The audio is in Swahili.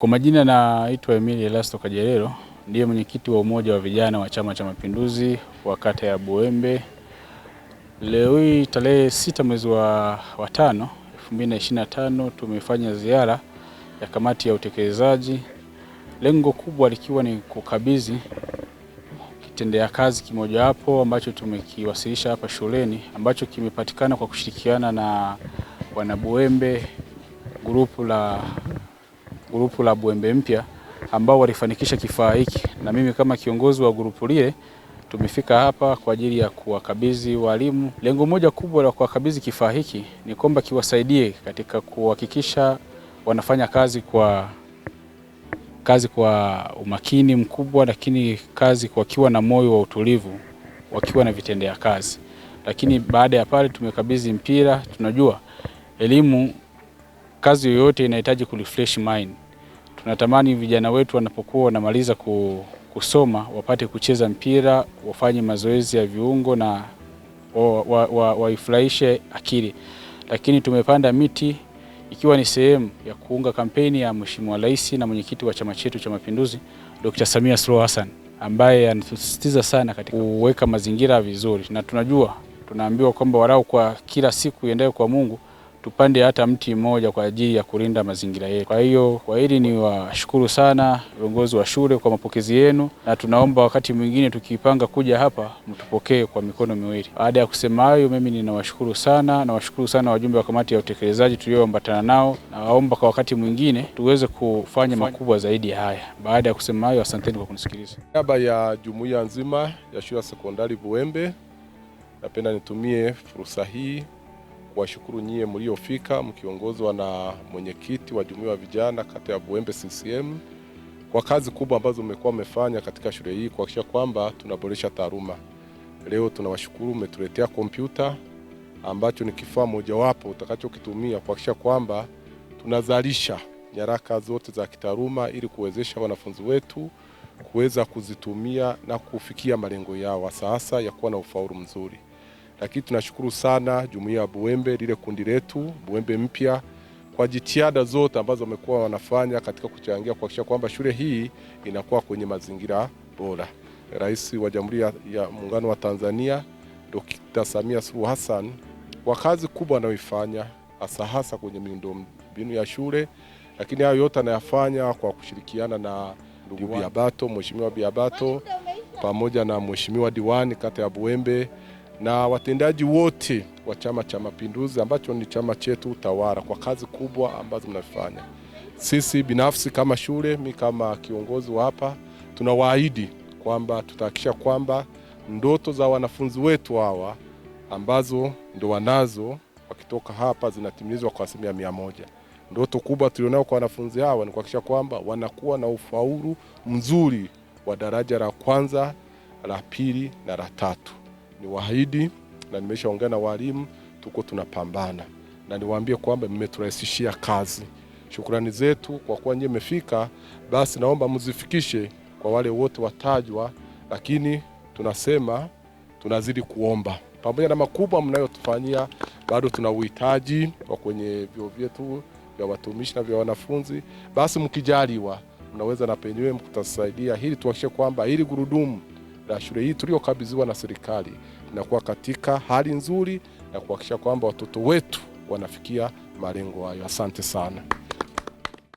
Kwa majina naitwa Emili Elasto Kajerero, ndiye mwenyekiti wa umoja wa vijana wa Chama cha Mapinduzi wa kata ya buembe Leo hii tarehe sita mwezi wa, wa tano 2025 tumefanya ziara ya kamati ya utekelezaji, lengo kubwa likiwa ni kukabidhi kitendea kazi kimojawapo ambacho tumekiwasilisha hapa shuleni ambacho kimepatikana kwa kushirikiana na wanabuembe grupu la grupu la bwembe Mpya ambao walifanikisha kifaa hiki, na mimi kama kiongozi wa grupu lile tumefika hapa kwa ajili ya kuwakabidhi walimu. Lengo moja kubwa la kuwakabidhi kifaa hiki ni kwamba kiwasaidie katika kuhakikisha wanafanya kazi kwa kazi kwa umakini mkubwa, lakini kazi wakiwa na moyo wa utulivu, wakiwa na vitendea kazi. Lakini baada ya pale tumekabidhi mpira. Tunajua elimu kazi yoyote inahitaji refresh mind. Tunatamani vijana wetu wanapokuwa wanamaliza kusoma wapate kucheza mpira, wafanye mazoezi ya viungo na waifurahishe wa, wa, wa akili. Lakini tumepanda miti ikiwa ni sehemu ya kuunga kampeni ya Mheshimiwa Rais na mwenyekiti wa chama chetu cha Mapinduzi Dr. Samia Suluhu Hassan ambaye anatusisitiza sana katika kuweka mazingira vizuri, na tunajua tunaambiwa kwamba walau kwa kila siku iendayo kwa Mungu tupande hata mti mmoja kwa ajili ya kulinda mazingira yetu. Kwa hiyo kwa hili ni washukuru sana viongozi wa shule kwa mapokezi yenu, na tunaomba wakati mwingine tukipanga kuja hapa mtupokee kwa mikono miwili. Baada ya kusema hayo, mimi ninawashukuru sana, nawashukuru sana wajumbe wa kamati ya utekelezaji tulioambatana nao, na waomba kwa wakati mwingine tuweze kufanya makubwa zaidi haya. Baada ya kusema hayo, asanteni kwa kunisikiliza. Niaba ya jumuiya nzima ya shule ya sekondari Buembe, napenda nitumie fursa hii kuwashukuru nyie mliofika mkiongozwa na mwenyekiti wa jumuiya wa vijana kata ya Buembe CCM kwa kazi kubwa ambazo mmekuwa mmefanya katika shule hii kuhakikisha kwamba tunaboresha taaluma. Leo tunawashukuru, mmetuletea kompyuta ambacho ni kifaa mojawapo utakachokitumia kuhakikisha kwamba tunazalisha nyaraka zote za kitaaluma ili kuwezesha wanafunzi wetu kuweza kuzitumia na kufikia malengo yao sasa ya kuwa na ufaulu mzuri lakini tunashukuru sana jumuiya ya Buembe, lile kundi letu Buembe mpya kwa jitihada zote ambazo wamekuwa wanafanya katika kuchangia kuhakikisha kwamba shule hii inakuwa kwenye mazingira bora. Rais wa Jamhuri ya Muungano wa Tanzania Dr. Samia Suluhu Hassan kwa kazi kubwa anayoifanya hasa hasa kwenye miundombinu ya shule, lakini hayo yote anayafanya kwa kushirikiana na ndugu Biabato, Mheshimiwa Biabato pamoja na Mheshimiwa diwani kata ya Buembe na watendaji wote wa Chama cha Mapinduzi ambacho ni chama chetu tawala kwa kazi kubwa ambazo mnafanya. Sisi binafsi kama shule, mi kama kiongozi wa hapa, tunawaahidi kwamba tutahakikisha kwamba ndoto za wanafunzi wetu hawa ambazo ndo wanazo wakitoka hapa zinatimizwa kwa asilimia mia moja. Ndoto kubwa tulionayo kwa wanafunzi hawa ni kuhakikisha kwamba wanakuwa na ufaulu mzuri wa daraja la kwanza, la pili na la tatu ni waahidi na nimeshaongea na walimu, tuko tunapambana, na niwaambie kwamba mmeturahisishia kazi. Shukrani zetu kwa kuwa nyie mmefika, basi naomba mzifikishe kwa wale wote watajwa, lakini tunasema tunazidi kuomba pamoja na makubwa mnayotufanyia, bado tuna uhitaji wa kwenye vyuo vyetu vya watumishi na vya wanafunzi. Basi mkijaliwa, mnaweza na penyewe mkutasaidia hili, tuhakikishe kwamba hili gurudumu la shule hii tuliyokabidhiwa na serikali linakuwa katika hali nzuri na kuhakikisha kwamba watoto wetu wanafikia malengo hayo. Asante sana.